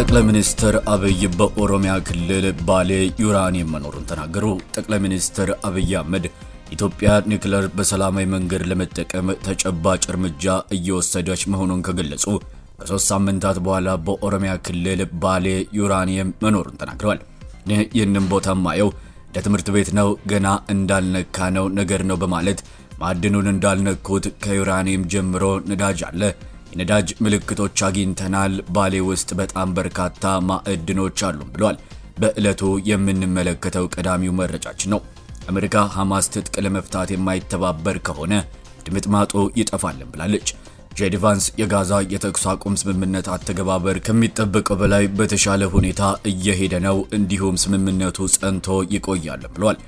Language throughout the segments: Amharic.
ጠቅላይ ሚኒስትር አብይ በኦሮሚያ ክልል ባሌ ዩራኒየም መኖሩን ተናገሩ። ጠቅላይ ሚኒስትር አብይ አህመድ ኢትዮጵያ ኒክለር በሰላማዊ መንገድ ለመጠቀም ተጨባጭ እርምጃ እየወሰደች መሆኑን ከገለጹ ከሶስት ሳምንታት በኋላ በኦሮሚያ ክልል ባሌ ዩራኒየም መኖሩን ተናግረዋል። ይህንም ቦታ ማየው እንደ ትምህርት ቤት ነው፣ ገና እንዳልነካ ነው ነገር ነው በማለት ማዕድኑን እንዳልነኩት ከዩራኒየም ጀምሮ ነዳጅ አለ የነዳጅ ምልክቶች አግኝተናል፣ ባሌ ውስጥ በጣም በርካታ ማዕድኖች አሉ ብሏል። በዕለቱ የምንመለከተው ቀዳሚው መረጃችን ነው። አሜሪካ ሐማስ ትጥቅ ለመፍታት የማይተባበር ከሆነ ድምጥማጡ ይጠፋልን ብላለች። ጄዲ ቫንስ የጋዛ የተኩስ አቁም ስምምነት አተገባበር ከሚጠበቀው በላይ በተሻለ ሁኔታ እየሄደ ነው፣ እንዲሁም ስምምነቱ ጸንቶ ይቆያልን ብሏል።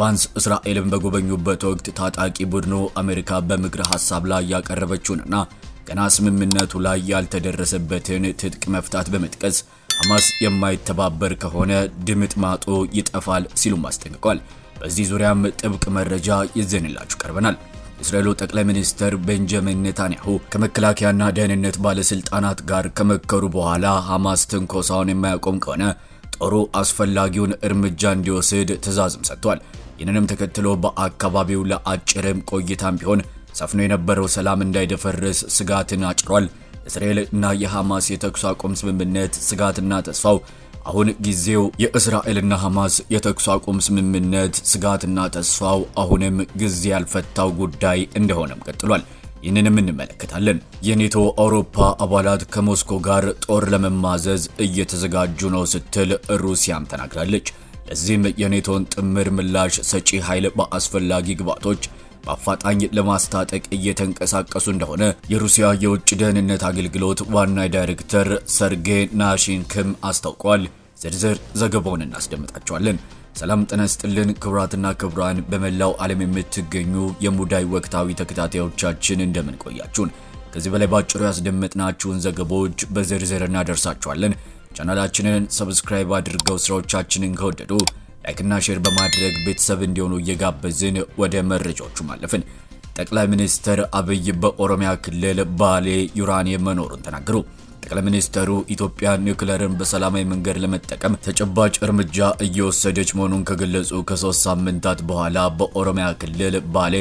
ቫንስ እስራኤልን በጎበኙበት ወቅት ታጣቂ ቡድኑ አሜሪካ በምክረ ሐሳብ ላይ ያቀረበችውንና ገና ስምምነቱ ላይ ያልተደረሰበትን ትጥቅ መፍታት በመጥቀስ ሐማስ የማይተባበር ከሆነ ድምጥ ማጦ ይጠፋል ሲሉም አስጠንቅቋል። በዚህ ዙሪያም ጥብቅ መረጃ ይዘንላችሁ ቀርበናል። የእስራኤሉ ጠቅላይ ሚኒስትር ቤንጃሚን ኔታንያሁ ከመከላከያና ደህንነት ባለስልጣናት ጋር ከመከሩ በኋላ ሐማስ ትንኮሳውን የማያቆም ከሆነ ጦሩ አስፈላጊውን እርምጃ እንዲወስድ ትዕዛዝም ሰጥቷል። ይህንንም ተከትሎ በአካባቢው ለአጭርም ቆይታም ቢሆን ሰፍኖ የነበረው ሰላም እንዳይደፈርስ ስጋትን አጭሯል። እስራኤል እና የሐማስ የተኩስ አቁም ስምምነት ስጋትና ተስፋው አሁን ጊዜው የእስራኤልና ሐማስ የተኩስ አቁም ስምምነት ስጋትና ተስፋው አሁንም ጊዜ ያልፈታው ጉዳይ እንደሆነም ቀጥሏል። ይህንንም እንመለከታለን። የኔቶ አውሮፓ አባላት ከሞስኮ ጋር ጦር ለመማዘዝ እየተዘጋጁ ነው ስትል ሩሲያም ተናግራለች። ለዚህም የኔቶን ጥምር ምላሽ ሰጪ ኃይል በአስፈላጊ ግብዓቶች በአፋጣኝ ለማስታጠቅ እየተንቀሳቀሱ እንደሆነ የሩሲያ የውጭ ደህንነት አገልግሎት ዋና ዳይሬክተር ሰርጌይ ናሽንክም አስታውቋል። ዝርዝር ዘገባውን እናስደምጣቸዋለን። ሰላም ጤና ይስጥልን ክቡራትና ክቡራን፣ በመላው ዓለም የምትገኙ የሙዳይ ወቅታዊ ተከታታዮቻችን እንደምን ቆያችሁን? ከዚህ በላይ ባጭሩ ያስደመጥናችሁን ዘገባዎች በዝርዝር እናደርሳችኋለን። ቻናላችንን ሰብስክራይብ አድርገው ስራዎቻችንን ከወደዱ ላይክና ሼር በማድረግ ቤተሰብ እንዲሆኑ እየጋበዝን ወደ መረጃዎቹ ማለፍን። ጠቅላይ ሚኒስትር አብይ በኦሮሚያ ክልል ባሌ ዩራኒየም መኖሩን ተናገሩ። ጠቅላይ ሚኒስትሩ ኢትዮጵያ ኒውክለርን በሰላማዊ መንገድ ለመጠቀም ተጨባጭ እርምጃ እየወሰደች መሆኑን ከገለጹ ከሶስት ሳምንታት በኋላ በኦሮሚያ ክልል ባሌ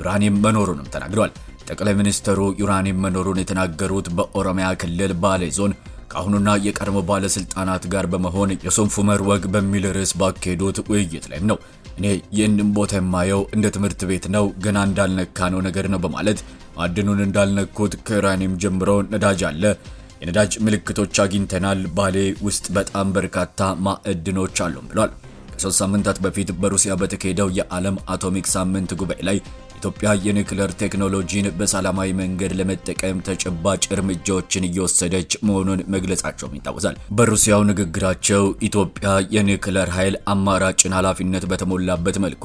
ዩራኒየም መኖሩንም ተናግረዋል። ጠቅላይ ሚኒስትሩ ዩራኒየም መኖሩን የተናገሩት በኦሮሚያ ክልል ባሌ ዞን ከአሁኑና የቀድሞ ባለስልጣናት ጋር በመሆን የሶንፉመር ወግ በሚል ርዕስ ባካሄዱት ውይይት ላይም ነው እኔ ይህንን ቦታ የማየው እንደ ትምህርት ቤት ነው፣ ገና እንዳልነካነው ነገር ነው በማለት ማዕድኑን እንዳልነኩት ከዩራኒየም ጀምሮ ነዳጅ አለ፣ የነዳጅ ምልክቶች አግኝተናል፣ ባሌ ውስጥ በጣም በርካታ ማዕድኖች አሉም ብሏል። ከሶስት ሳምንታት በፊት በሩሲያ በተካሄደው የዓለም አቶሚክ ሳምንት ጉባኤ ላይ ኢትዮጵያ የኒክለር ቴክኖሎጂን በሰላማዊ መንገድ ለመጠቀም ተጨባጭ እርምጃዎችን እየወሰደች መሆኑን መግለጻቸውም ይታወሳል። በሩሲያው ንግግራቸው ኢትዮጵያ የኒክለር ኃይል አማራጭን ኃላፊነት በተሞላበት መልኩ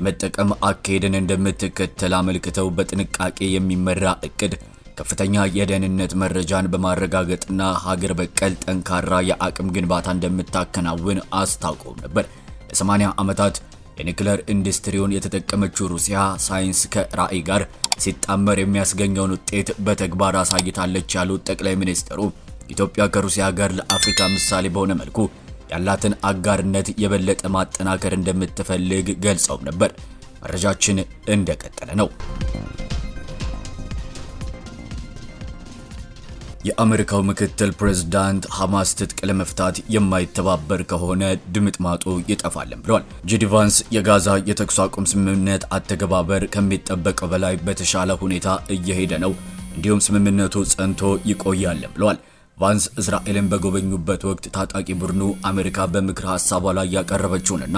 የመጠቀም አካሄድን እንደምትከተል አመልክተው በጥንቃቄ የሚመራ እቅድ ከፍተኛ የደህንነት መረጃን በማረጋገጥና ሀገር በቀል ጠንካራ የአቅም ግንባታ እንደምታከናውን አስታውቀው ነበር። ለ80 ዓመታት የኒክለር ኢንዱስትሪውን የተጠቀመችው ሩሲያ ሳይንስ ከራዕይ ጋር ሲጣመር የሚያስገኘውን ውጤት በተግባር አሳይታለች ያሉት ጠቅላይ ሚኒስትሩ ኢትዮጵያ ከሩሲያ ጋር ለአፍሪካ ምሳሌ በሆነ መልኩ ያላትን አጋርነት የበለጠ ማጠናከር እንደምትፈልግ ገልጸውም ነበር። መረጃችን እንደቀጠለ ነው። የአሜሪካው ምክትል ፕሬዝዳንት ሐማስ ትጥቅ ለመፍታት የማይተባበር ከሆነ ድምጥማጡ ይጠፋልን ብለዋል። ጄዲ ቫንስ የጋዛ የተኩስ አቁም ስምምነት አተገባበር ከሚጠበቀው በላይ በተሻለ ሁኔታ እየሄደ ነው፣ እንዲሁም ስምምነቱ ጸንቶ ይቆያልን ብለዋል። ቫንስ እስራኤልን በጎበኙበት ወቅት ታጣቂ ቡድኑ አሜሪካ በምክር ሐሳቧ ላይ ያቀረበችውንና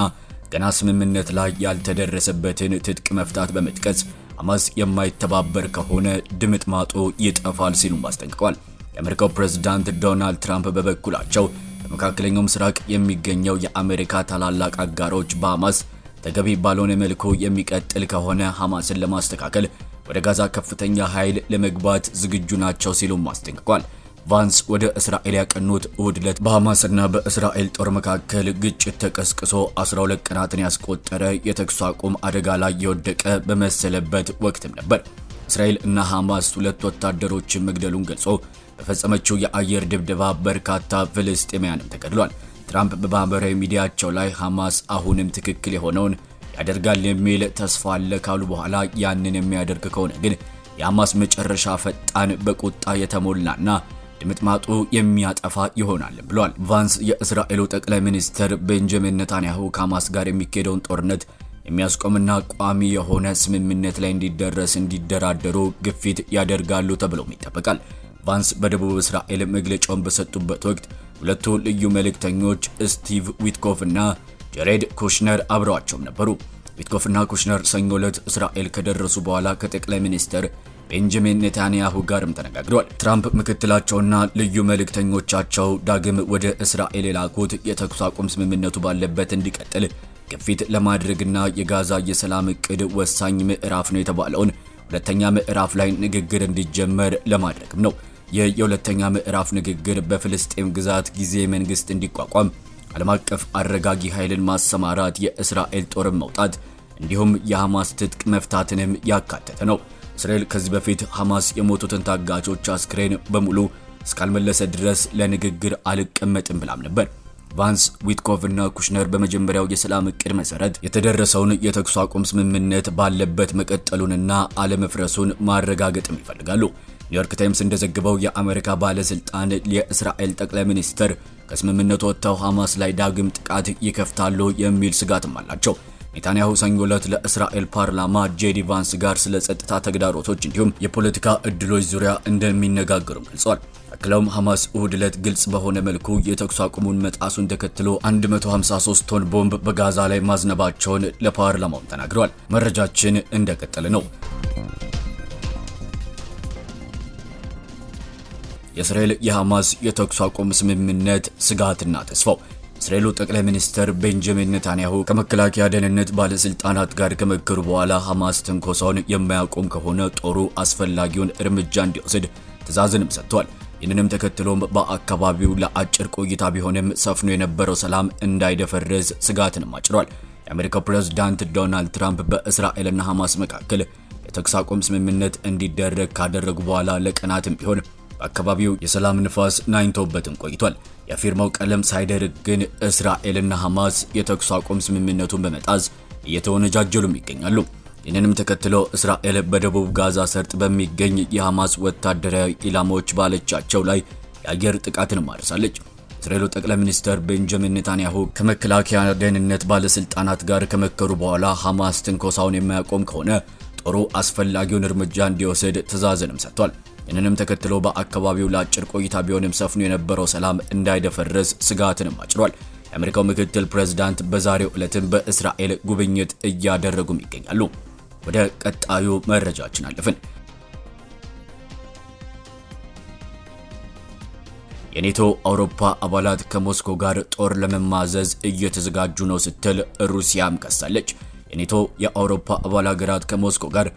ገና ስምምነት ላይ ያልተደረሰበትን ትጥቅ መፍታት በመጥቀስ ሐማስ የማይተባበር ከሆነ ድምጥማጡ ይጠፋል ሲሉም አስጠንቅቀዋል። የአሜሪካው ፕሬዝዳንት ዶናልድ ትራምፕ በበኩላቸው በመካከለኛው ምስራቅ የሚገኘው የአሜሪካ ታላላቅ አጋሮች በሐማስ ተገቢ ባልሆነ መልኩ የሚቀጥል ከሆነ ሐማስን ለማስተካከል ወደ ጋዛ ከፍተኛ ኃይል ለመግባት ዝግጁ ናቸው ሲሉም አስጠንቅቋል። ቫንስ ወደ እስራኤል ያቀኑት እሁድ ዕለት በሐማስና በእስራኤል ጦር መካከል ግጭት ተቀስቅሶ 12 ቀናትን ያስቆጠረ የተኩስ አቁም አደጋ ላይ የወደቀ በመሰለበት ወቅትም ነበር። እስራኤል እና ሐማስ ሁለት ወታደሮችን መግደሉን ገልጾ በፈጸመችው የአየር ድብደባ በርካታ ፍልስጤማያንም ተገድሏል። ትራምፕ በማህበራዊ ሚዲያቸው ላይ ሐማስ አሁንም ትክክል የሆነውን ያደርጋል የሚል ተስፋ አለ ካሉ በኋላ ያንን የሚያደርግ ከሆነ ግን የሐማስ መጨረሻ ፈጣን፣ በቁጣ የተሞላና ድምጥማጡ የሚያጠፋ ይሆናልም ብሏል። ቫንስ የእስራኤሉ ጠቅላይ ሚኒስትር ቤንጃሚን ነታንያሁ ከሐማስ ጋር የሚካሄደውን ጦርነት የሚያስቆምና ቋሚ የሆነ ስምምነት ላይ እንዲደረስ እንዲደራደሩ ግፊት ያደርጋሉ ተብሎም ይጠበቃል። ቫንስ በደቡብ እስራኤል መግለጫውን በሰጡበት ወቅት ሁለቱ ልዩ መልእክተኞች ስቲቭ ዊትኮፍ እና ጀሬድ ኩሽነር አብረዋቸውም ነበሩ። ዊትኮፍና ኩሽነር ሰኞ ዕለት እስራኤል ከደረሱ በኋላ ከጠቅላይ ሚኒስትር ቤንጃሚን ኔታንያሁ ጋርም ተነጋግረዋል። ትራምፕ ምክትላቸውና ልዩ መልእክተኞቻቸው ዳግም ወደ እስራኤል የላኩት የተኩስ አቁም ስምምነቱ ባለበት እንዲቀጥል ግፊት ለማድረግና የጋዛ የሰላም እቅድ ወሳኝ ምዕራፍ ነው የተባለውን ሁለተኛ ምዕራፍ ላይ ንግግር እንዲጀመር ለማድረግም ነው። የሁለተኛ ምዕራፍ ንግግር በፍልስጤም ግዛት ጊዜ መንግስት እንዲቋቋም ዓለም አቀፍ አረጋጊ ኃይልን ማሰማራት፣ የእስራኤል ጦርን መውጣት እንዲሁም የሐማስ ትጥቅ መፍታትንም ያካተተ ነው። እስራኤል ከዚህ በፊት ሐማስ የሞቱትን ታጋቾች አስክሬን በሙሉ እስካልመለሰ ድረስ ለንግግር አልቀመጥም ብላም ነበር። ቫንስ ዊትኮቭ እና ኩሽነር በመጀመሪያው የሰላም እቅድ መሰረት የተደረሰውን የተኩስ አቁም ስምምነት ባለበት መቀጠሉንና አለመፍረሱን ማረጋገጥም ይፈልጋሉ። ኒውዮርክ ታይምስ እንደዘገበው የአሜሪካ ባለስልጣን የእስራኤል ጠቅላይ ሚኒስትር ከስምምነቱ ወጥተው ሐማስ ላይ ዳግም ጥቃት ይከፍታሉ የሚል ስጋትም አላቸው። ኔታንያሁ ሰኞ ዕለት ለእስራኤል ፓርላማ ጄዲ ቫንስ ጋር ስለ ጸጥታ ተግዳሮቶች እንዲሁም የፖለቲካ እድሎች ዙሪያ እንደሚነጋገሩም ገልጿል። አክለውም ሐማስ እሁድ ዕለት ግልጽ በሆነ መልኩ የተኩስ አቁሙን መጣሱን ተከትሎ 153 ቶን ቦምብ በጋዛ ላይ ማዝነባቸውን ለፓርላማው ተናግረዋል። መረጃችን እንደቀጠለ ነው። የእስራኤል የሐማስ የተኩስ አቁም ስምምነት ስጋትና ተስፋው እስራኤሉ ጠቅላይ ሚኒስትር ቤንጃሚን ኔታንያሁ ከመከላከያ ደህንነት ባለስልጣናት ጋር ከመከሩ በኋላ ሐማስ ትንኮሳውን የማያቆም ከሆነ ጦሩ አስፈላጊውን እርምጃ እንዲወስድ ትዕዛዝንም ሰጥቷል። ይህንንም ተከትሎም በአካባቢው ለአጭር ቆይታ ቢሆንም ሰፍኖ የነበረው ሰላም እንዳይደፈርስ ስጋትንም አጭሯል። የአሜሪካ ፕሬዝዳንት ዶናልድ ትራምፕ በእስራኤልና ሐማስ መካከል የተኩስ አቁም ስምምነት እንዲደረግ ካደረጉ በኋላ ለቀናትም ቢሆን በአካባቢው የሰላም ንፋስ ናኝቶበትም ቆይቷል። የፊርማው ቀለም ሳይደርግ ግን እስራኤልና ሐማስ የተኩስ አቁም ስምምነቱን በመጣዝ እየተወነጃጀሉም ይገኛሉ። ይህንንም ተከትሎ እስራኤል በደቡብ ጋዛ ሰርጥ በሚገኝ የሐማስ ወታደራዊ ኢላማዎች ባለቻቸው ላይ የአየር ጥቃትን ማድረሳለች። የእስራኤሉ ጠቅላይ ሚኒስትር ቤንጃሚን ኔታንያሁ ከመከላከያ ደህንነት ባለስልጣናት ጋር ከመከሩ በኋላ ሐማስ ትንኮሳውን የማያቆም ከሆነ ጦሩ አስፈላጊውን እርምጃ እንዲወስድ ትዕዛዝንም ሰጥቷል። ይህንንም ተከትሎ በአካባቢው ለአጭር ቆይታ ቢሆንም ሰፍኖ የነበረው ሰላም እንዳይደፈርስ ስጋትንም አጭሯል። የአሜሪካው ምክትል ፕሬዝዳንት በዛሬው ዕለትም በእስራኤል ጉብኝት እያደረጉም ይገኛሉ። ወደ ቀጣዩ መረጃችን አለፍን። የኔቶ አውሮፓ አባላት ከሞስኮ ጋር ጦር ለመማዘዝ እየተዘጋጁ ነው ስትል ሩሲያም ከሳለች። የኔቶ የአውሮፓ አባል ሀገራት ከሞስኮ ጋር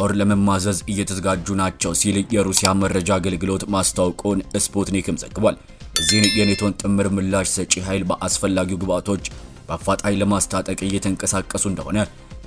ጦር ለመማዘዝ እየተዘጋጁ ናቸው ሲል የሩሲያ መረጃ አገልግሎት ማስታወቁን ስፑትኒክም ዘግቧል። እዚህን የኔቶን ጥምር ምላሽ ሰጪ ኃይል በአስፈላጊው ግብዓቶች በአፋጣኝ ለማስታጠቅ እየተንቀሳቀሱ እንደሆነ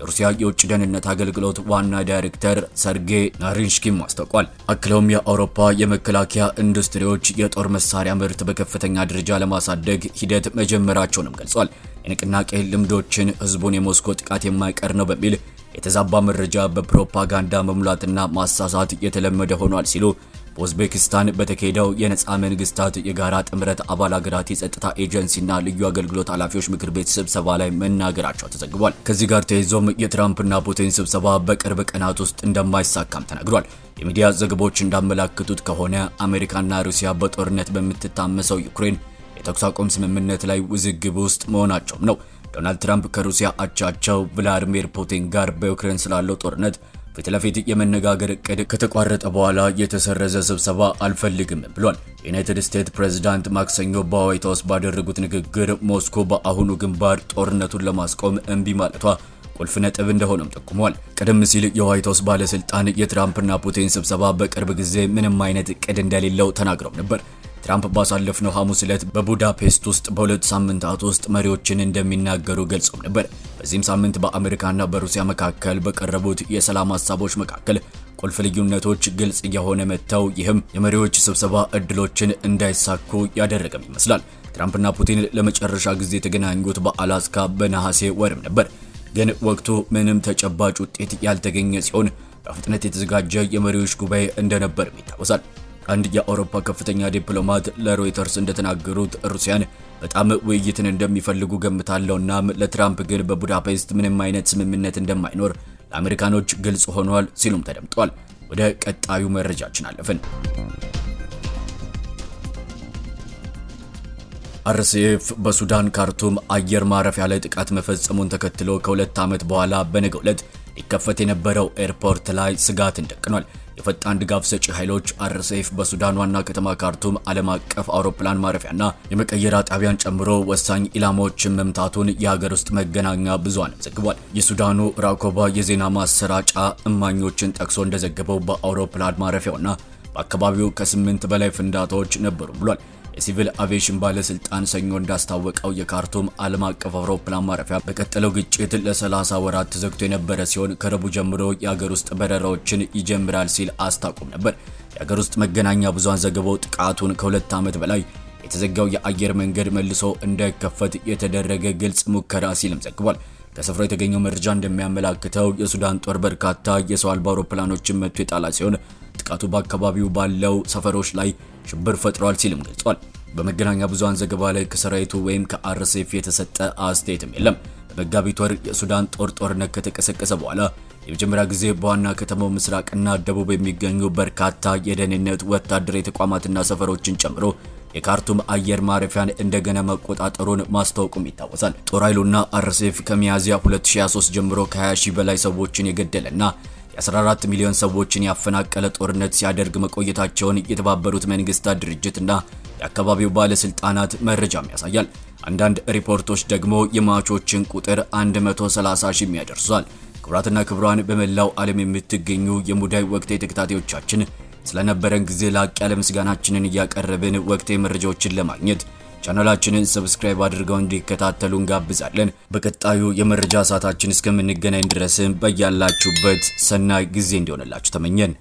የሩሲያ የውጭ ደህንነት አገልግሎት ዋና ዳይሬክተር ሰርጌይ ናሪንሽኪም አስታውቋል። አክለውም የአውሮፓ የመከላከያ ኢንዱስትሪዎች የጦር መሳሪያ ምርት በከፍተኛ ደረጃ ለማሳደግ ሂደት መጀመራቸውንም ገልጿል። የንቅናቄ ልምዶችን ህዝቡን የሞስኮ ጥቃት የማይቀር ነው በሚል የተዛባ መረጃ በፕሮፓጋንዳ መሙላትና ማሳሳት የተለመደ ሆኗል ሲሉ በኡዝቤክስታን በተካሄደው የነፃ መንግስታት የጋራ ጥምረት አባል አገራት የጸጥታ ኤጀንሲና ልዩ አገልግሎት ኃላፊዎች ምክር ቤት ስብሰባ ላይ መናገራቸው ተዘግቧል። ከዚህ ጋር ተይዞም የትራምፕና ፑቲን ስብሰባ በቅርብ ቀናት ውስጥ እንደማይሳካም ተናግሯል። የሚዲያ ዘገባዎች እንዳመላክቱት ከሆነ አሜሪካና ሩሲያ በጦርነት በምትታመሰው ዩክሬን የተኩስ አቁም ስምምነት ላይ ውዝግብ ውስጥ መሆናቸውም ነው። ዶናልድ ትራምፕ ከሩሲያ አቻቸው ቭላድሚር ፑቲን ጋር በዩክሬን ስላለው ጦርነት ፊት ለፊት የመነጋገር እቅድ ከተቋረጠ በኋላ የተሰረዘ ስብሰባ አልፈልግም ብሏል። የዩናይትድ ስቴትስ ፕሬዝዳንት ማክሰኞ በዋይት ሀውስ ባደረጉት ንግግር ሞስኮ በአሁኑ ግንባር ጦርነቱን ለማስቆም እምቢ ማለቷ ቁልፍ ነጥብ እንደሆነም ጠቁሟል። ቀደም ሲል የዋይት ሀውስ ባለስልጣን የትራምፕና ፑቲን ስብሰባ በቅርብ ጊዜ ምንም አይነት እቅድ እንደሌለው ተናግረው ነበር። ትራምፕ ባሳለፍነው ሐሙስ ዕለት በቡዳፔስት ውስጥ በሁለት ሳምንታት ውስጥ መሪዎችን እንደሚናገሩ ገልጸው ነበር። በዚህም ሳምንት በአሜሪካና በሩሲያ መካከል በቀረቡት የሰላም ሀሳቦች መካከል ቁልፍ ልዩነቶች ግልጽ የሆነ መጥተው ይህም የመሪዎች ስብሰባ እድሎችን እንዳይሳኩ ያደረገም ይመስላል። ትራምፕና ፑቲን ለመጨረሻ ጊዜ የተገናኙት በአላስካ በነሐሴ ወርም ነበር። ግን ወቅቱ ምንም ተጨባጭ ውጤት ያልተገኘ ሲሆን በፍጥነት የተዘጋጀ የመሪዎች ጉባኤ እንደነበርም ይታወሳል። አንድ የአውሮፓ ከፍተኛ ዲፕሎማት ለሮይተርስ እንደተናገሩት ሩሲያን በጣም ውይይትን እንደሚፈልጉ ገምታለሁ። እናም ለትራምፕ ግን በቡዳፔስት ምንም አይነት ስምምነት እንደማይኖር ለአሜሪካኖች ግልጽ ሆኗል ሲሉም ተደምጧል። ወደ ቀጣዩ መረጃችን አለፍን። አርሴፍ በሱዳን ካርቱም አየር ማረፊያ ላይ ጥቃት መፈጸሙን ተከትሎ ከሁለት ዓመት በኋላ በነገው ዕለት ሊከፈት የነበረው ኤርፖርት ላይ ስጋትን ደቅኗል። የፈጣን ድጋፍ ሰጪ ኃይሎች አርሴፍ በሱዳን ዋና ከተማ ካርቱም ዓለም አቀፍ አውሮፕላን ማረፊያና የመቀየር ጣቢያን ጨምሮ ወሳኝ ኢላማዎችን መምታቱን የሀገር ውስጥ መገናኛ ብዙሃን ዘግቧል። የሱዳኑ ራኮባ የዜና ማሰራጫ እማኞችን ጠቅሶ እንደዘገበው በአውሮፕላን ማረፊያውና በአካባቢው ከስምንት በላይ ፍንዳታዎች ነበሩ ብሏል። የሲቪል አቪዬሽን ባለስልጣን ሰኞ እንዳስታወቀው የካርቱም ዓለም አቀፍ አውሮፕላን ማረፊያ በቀጠለው ግጭት ለ30 ወራት ተዘግቶ የነበረ ሲሆን ከረቡዕ ጀምሮ የአገር ውስጥ በረራዎችን ይጀምራል ሲል አስታቁም ነበር። የአገር ውስጥ መገናኛ ብዙሃን ዘገባው ጥቃቱን ከሁለት ዓመት በላይ የተዘጋው የአየር መንገድ መልሶ እንዳይከፈት የተደረገ ግልጽ ሙከራ ሲልም ዘግቧል። ከስፍራው የተገኘው መረጃ እንደሚያመላክተው የሱዳን ጦር በርካታ የሰው አልባ አውሮፕላኖችን መጥቶ የጣላ ሲሆን ጥቃቱ በአካባቢው ባለው ሰፈሮች ላይ ሽብር ፈጥሯል ሲልም ገልጿል። በመገናኛ ብዙሃን ዘገባ ላይ ከሰራዊቱ ወይም ከአርሴፍ የተሰጠ አስተያየትም የለም። በመጋቢት ወር የሱዳን ጦር ጦርነት ከተቀሰቀሰ በኋላ የመጀመሪያ ጊዜ በዋና ከተማው ምስራቅና ደቡብ የሚገኙ በርካታ የደህንነት ወታደራዊ ተቋማትና ሰፈሮችን ጨምሮ የካርቱም አየር ማረፊያን እንደገና መቆጣጠሩን ማስታወቁም ይታወሳል። ጦር ኃይሉና አርሴፍ ከሚያዝያ 2023 ጀምሮ ከ20 ሺህ በላይ ሰዎችን የገደለና የ14 ሚሊዮን ሰዎችን ያፈናቀለ ጦርነት ሲያደርግ መቆየታቸውን የተባበሩት መንግስታት ድርጅትና የአካባቢው ባለስልጣናት መረጃም ያሳያል። አንዳንድ ሪፖርቶች ደግሞ የሟቾችን ቁጥር 130 ሺህ ያደርሷል። ክቡራትና ክቡራን በመላው ዓለም የምትገኙ የሙዳይ ወቅታዊ ተከታታዮቻችን ስለነበረን ጊዜ ላቅ ያለ ምስጋናችንን እያቀረብን ወቅታዊ መረጃዎችን ለማግኘት ቻናላችንን ሰብስክራይብ አድርገው እንዲከታተሉ እንጋብዛለን። በቀጣዩ የመረጃ ሰዓታችን እስከምንገናኝ ድረስም በያላችሁበት ሰናይ ጊዜ እንዲሆንላችሁ ተመኘን።